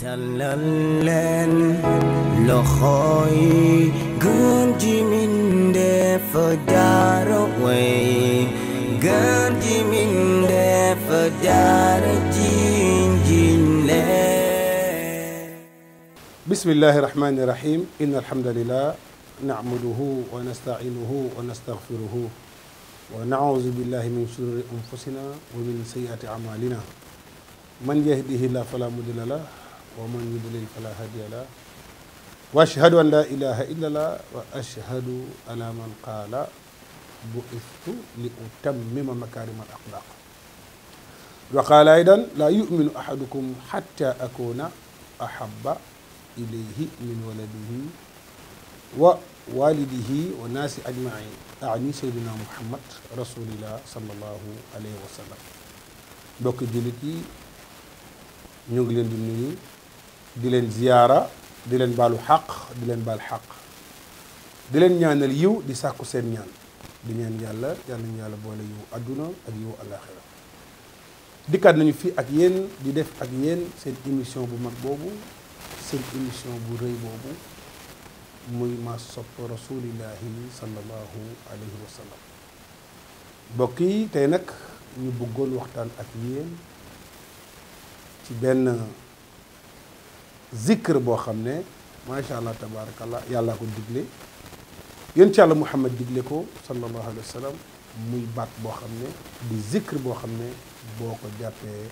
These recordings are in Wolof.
tàllal leen loxoy inna alhamdulillah nacmaduhu wa nastacinuhu wa nastagfiruhu wa nacuudu billahi min shururi anfusina wa min sayyiati acmalina man yahdihi llah fala mudilla lah ومن يضلل فلا هادي له واشهد ان لا اله الا الله واشهد على من قال بعثت لاتمم مكارم الاخلاق وقال ايضا لا يؤمن احدكم حتى اكون احب اليه من ولده ووالده والناس اجمعين اعني سيدنا محمد رسول الله صلى الله عليه وسلم mbokk jullit yi ñu ngi leen di nuyu di leen ziyaara di leen baalu xaq di leen baal xaq di leen ñaanal yiw di sàkku seen ñaan di ñaan yàlla yàlla ñu yàlla boole yiw àdduna ak yiw àllaaxira dikkat nañu fi ak yéen di def ak yéen seen émission bu mag boobu seen émission bu rëy boobu muy ma sopp rasulillahi sallallahu alayhi wa sallam mbokk yi tey nag ñu bëggoon waxtaan ak yéen ci benn zikr boo xam ne macha allah tabaarakallah yàllaa ko digle yéen ci yàlla Muhammad digle ko sallallahu alayhi wa sallam muy baat boo xam ne di zikr boo xam ne boo ko jàppee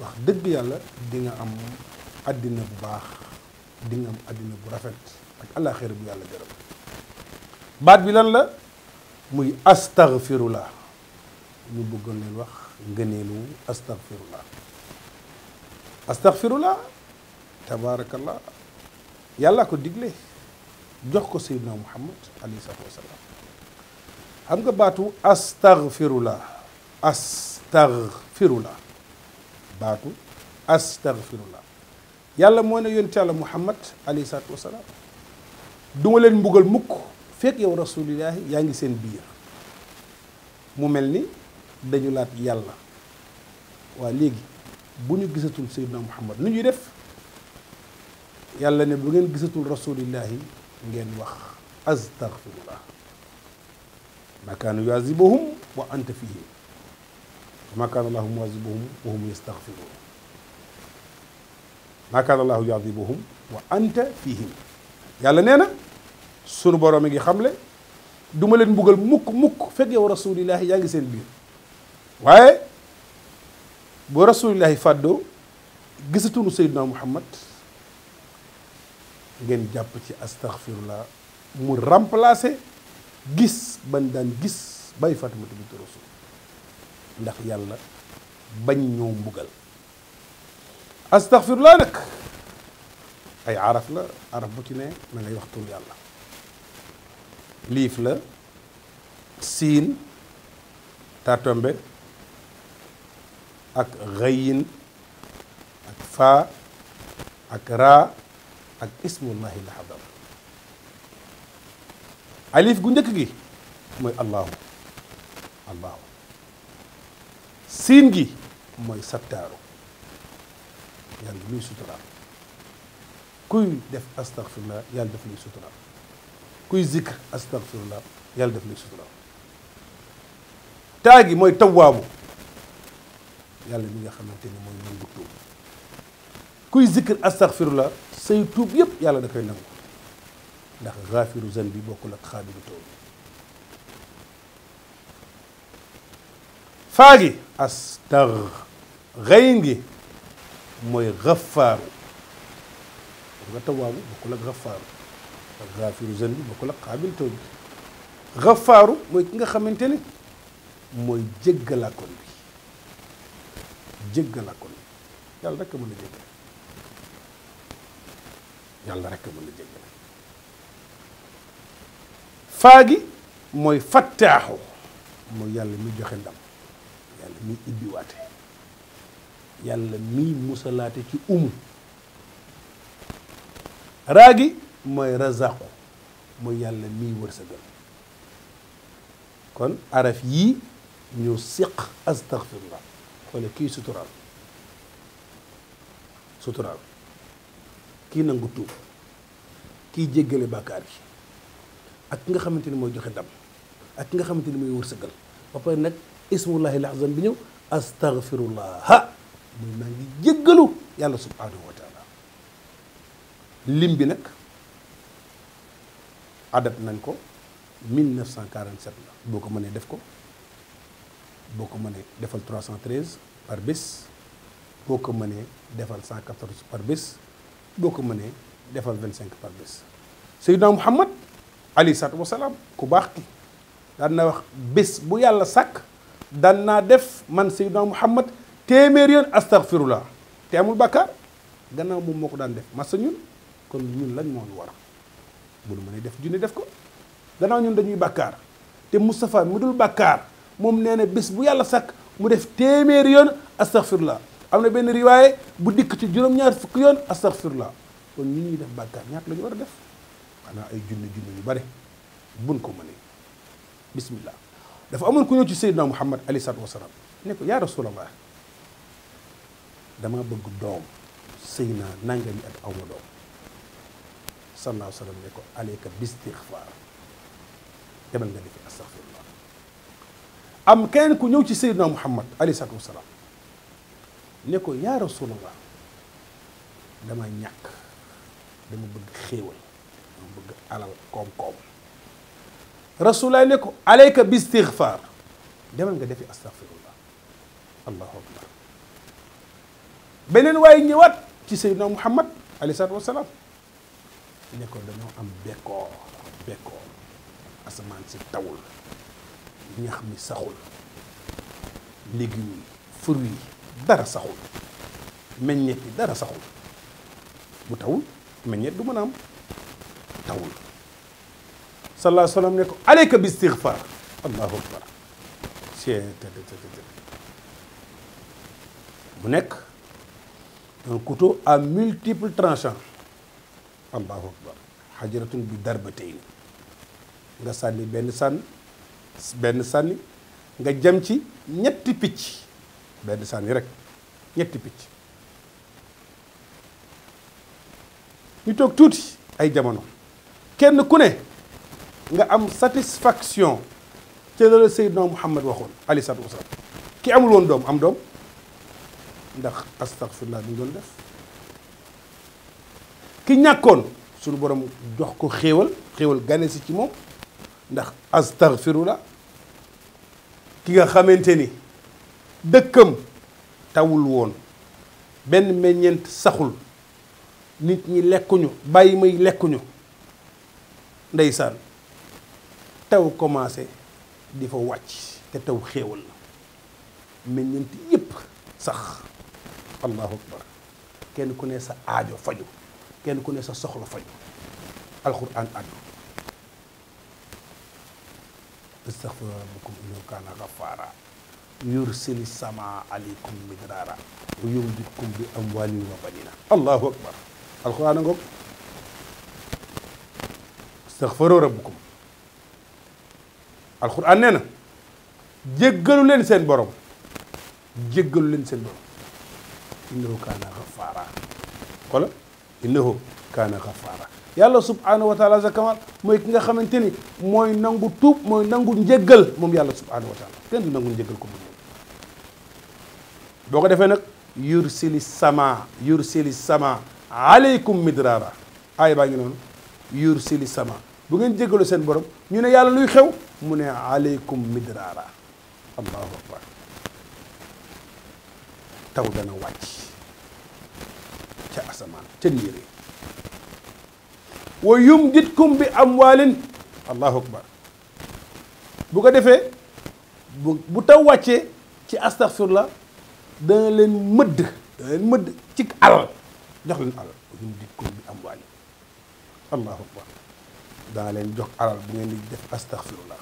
wax dëgg yàlla di nga am àddina bu baax di am àddina bu rafet ak àllaaxira bu yàlla gërëm baat bi lan la muy astaghfirullah ñu bëggoon leen wax ngëneelu astaghfirullah astaghfirullah tabaarakallah yàlla ko digle jox ko seydina muhammad alayhi salaatu wasalaam xam nga baatu astaghfirullah astaghfirullah baatu astaghfirullah yàlla moo ne yonent yàlla muhammad alayhi salaatu wasalaam du leen mbugal mukk fekk yow rasulillahi yaa ngi seen biir mu mel ni dañu laat yàlla waa léegi bu ñu gisatul seydina muhammad nu ñuy def yàlla ne bu ngeen gisatul rasulillahi ngeen wax astaghfirullah ma kaanu yuazibuhum wa anta fihim ma kaana allahu muazibuhum wa hum yastaghfirun ma kaana allahu yuazibuhum wa anta fihim yàlla nee na sunu boroom a ngi xamle du ma leen mbugal mukk mukk fekk yow rasulillahi yaa ngi seen biir waaye boo rasulillahi fàddoo gisatunu sayyidina muhammad ngeen jàpp ci astaghfirullah mu remplacer gis ban daan gis bay Fatimatu bintu Rasul ndax yàlla bañ ñoo mbugal astaghfirullah nag ay araf la araf bu ci ne na ngay wax tur yàlla liif la siin tatombe ak xëyin ak faa ak raa ak ismullahi la xadara alif gu njëkk gi mooy allahu allahu siin gi mooy sattaaru yàlla luy suturaal kuy def astaghfirullah yàlla def luy suturaal kuy zikr astaghfirullah yàlla def luy suturaal taa gi mooy tawwaabu yàlla mi nga xamante ni mooy mooy bu tuub kuy zikr astaghfirullah say tuub yëpp yàlla da koy nangu ndax gaafiru zan bi bokkul ak xaabiru bi faa gi astag xëy mooy xafaaru xam nga tawaabu bokkul ak xafaaru ak gaafiru zan bi bokkul ak bi xafaaru mooy ki nga xamante ni mooy jéggalaakoon bi jéggalaakoon bi yàlla rekk mën a jéggal yàlla rekk mën na jéggale faa gi mooy fattaaxu mooy yàlla mi joxe ndam yàlla mi ibbiwaate yàlla mi musalaate ci umu raa gi mooy razaqu mooy yàlla miy wërsëgal kon araf yii ñu siq astaghfirullah xoole kii suturaal suturaal kii nangu tuub kii jéggale bàkkaar yi ak ki nga xamante ni mooy joxe ndam ak ki nga xamante ni mooy wërsëgal ba pare nag ismullahi lazam bi ñëw astaghfirullah muy maa ngi jéggalu yàlla subhanahu wa lim bi nag adat nañ ko 1947 la boo ko mënee def ko boo ko mënee defal 313 par bés boo ko mënee defal 114 par bés boo ko mënee defal vingt cinq par bés Seydina Muhammad aleyhi salaatu wasalaam ku baax ki daan na wax bés bu yàlla sàkk daan naa def man Seydina Muhammad téeméer yoon astaghfirullah te amul bàkkaar gannaaw moom moo ko daan def masa ñun kon ñun lañ moo ñu war bunu mënee def junni def ko gannaaw ñun dañuy bàkkaar te Moustapha mu dul bàkkaar moom nee na bés bu yàlla sàkk mu def téeméer yoon astaghfirullah am na benn riwaaye bu dikk ci juróom-ñaar fukki yoon astaghfirullah kon ñun ñuy def bàkkaar ñaata la ñu war a def maanaam ay junni junni ñu bare buñ ko mënee bismillah dafa amoon ku ñëw ci Seydina Muhammad aleyhi salaatu wa salaam ne ko dama bëgg doom sëy naa nangami at aw ma doom am kenn ku ñëw ci Seydina Muhammad aleyhi salaatu wa salaam ne ko yaa rasulallah dama ñàkk dama bëgg xéewal dama bëgg alal koom-koom rasulallah ne ko aleyka bi istigfaar demal nga defi astagfirullah allahu akbar beneen waaye ñëwaat ci seydina muhammad alayhi salaatu wasalaam ne ko dañoo am bekkoor bekkoor asamaan si tawul ñax mi saxul légumes yi fruits dara saxul meññeet bi dara saxul bu tawul meññeet du mën a am tawul sallallahu alayhi wa aleyka bi istigfar allahu akbar mu nekk un couteau à multiples tranchants allahu akbar xajaratun bi darbatayni nga sànni benn sànni benn sànni nga jam ci ñetti picc benn sànni rek ñetti picc ñu toog tuuti ay jamono kenn ku ne nga am satisfaction ca la la Seydina Muhammad waxoon aleyhi salaatu wasalaam ki amul doom am doom ndax astaghfirullah bi ñu doon def ki ñàkkoon suñu borom jox ko xéewal xéewal gane si ci moom ndax astaghfirullah ki nga xamante ni dëkkam tawul woon benn meññent saxul nit ñi lekkuñu bàyyi may lekkuñu ndeysaan taw commencé di fa wàcc te taw xéewal la meññeent yépp sax allahu akbar kenn ku ne sa aajo faju kenn ku ne sa soxla faju alquran addu astaghfiru rabbakum innahu kaana ghaffaaraa yursili sama aleykum midraara wa yumditkum bi amwaalin wa banina allahu akbar alquran a ngoog astaghfiru rabbakum alquran nee na jéggalu leen seen borom jéggalu leen seen borom innahu kaana ghafaara xola innahu kaana ghafaara yàlla subhanahu wa taala sa kamal mooy ki nga xamante ni mooy nangu tuub mooy nangu njëggal moom yàlla subhanahu wa taala kenn du nangu njëggal ko mu boo ko defee nag yursili sama yursili sama aleykum midrara aay baa ngi noonu yursili sama bu ngeen jégalu seen borom ñu ne yàlla luy xew mu ne aleykum midrara allahu akbar taw dana wàcc ca asamaan ca niir yi wa yumditkum bi amwaalin allahu akbar bu ko defee bu taw wàccee ci astaxfirullah dana leen mëdd dana leen mëdd ci alal jox leen alal ñun di ko bi am waali allahu akbar dana leen jox alal bu ngeen di def astaghfirullah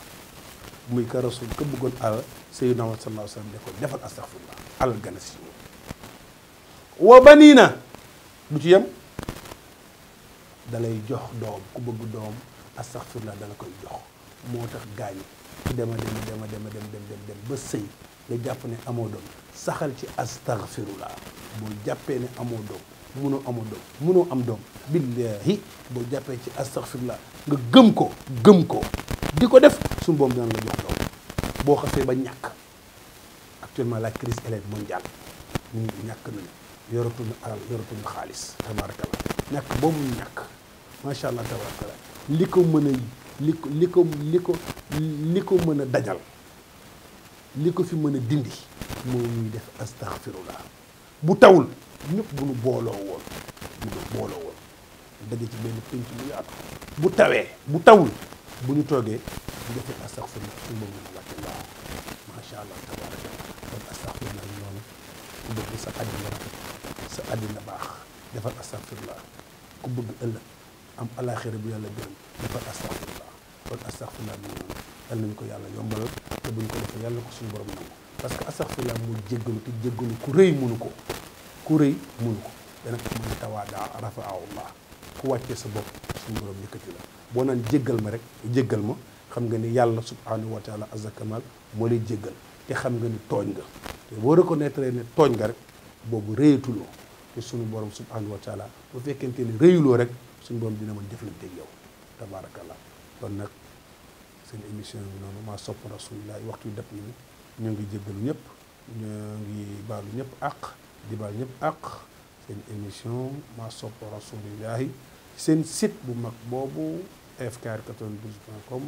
muy ka rasul ka bëggoon alal sayyidina Muhammad sallallahu alayhi wasallam ne ko defal astaghfirullah alal gën si ñoom wa baniina du ci yem dalay jox doom ku bëgg doom astaghfirullah dala koy jox moo tax gaañu dema dem dema dema dem dem dem dem ba sëy nga jàpp ne amoo doom saxal ci astaghfirullah boo jàppee ne amoo doom munoo amoo doom munoo am doom billahi boo jàppee ci astaghfirullah nga gëm ko gëm ko di ko def suñu boom dana la jox doom boo xasee ba ñàkk actuellement la crise elle est mondiale ñu ñàkk nañu yoratuñu alal yoratuñu xaalis tabarakallah ñàkk boobu ñàkk macha allah tabarakallah li ko mën a li ko li ko li ko li ko mën a dajal li ko fi mën a dindi moo ñuy def astaxfirullah bu tawul ñëpp bu nu booloo woon bu nu booloo woon daje ci benn pénc bu yaatu bu tawee bu tawul bu ñu toogee bu defee astaxfirullah su ma mën a wàcce laa macha ku bëgg sa àddina rafet sa àddina baax defal astaxfirullah ku bëgg ëllëg am alaxira bu yàlla gërëm defal astaxfirullah kon astaxfirullah bi noonu yal nañu ko yàlla yombalal te buñ ko defee yàlla ko suñu borom nangu parce que astaxfirullah mu jéggalu te jéggalu ku rëy mënu ko ku rëy mënu ko danag ko mën tawaadaa rafaahullah ku wàccee sa bopp suñu borom yëkkati la boo naan jéggal ma rek jéggal ma xam nga ni yàlla subhanahu wa taala azza kamal moo lay jéggal te xam nga ni tooñ nga te boo reconnaître ne tooñ nga rek boobu réyatuloo te suñu borom subhanahu wa taala fekkente ni réyuloo rek suñu borom dina mën jëflante ak yow seen émission bi noonu maa sopp rasulilah waxtu def nañu ñoo ngi jéggalu ñëpp ñoo ngi baalu ñëpp àq di baal ñëpp àq seen émission maa sopp rasulilah seen site bu mag boobu fkr 92 point com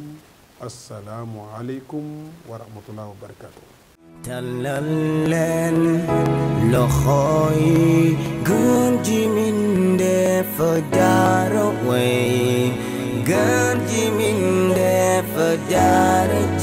asalaamualeykum wa rahmatulah wa barakaatu. gotta